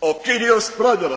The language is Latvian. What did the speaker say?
O Kyrios pradara.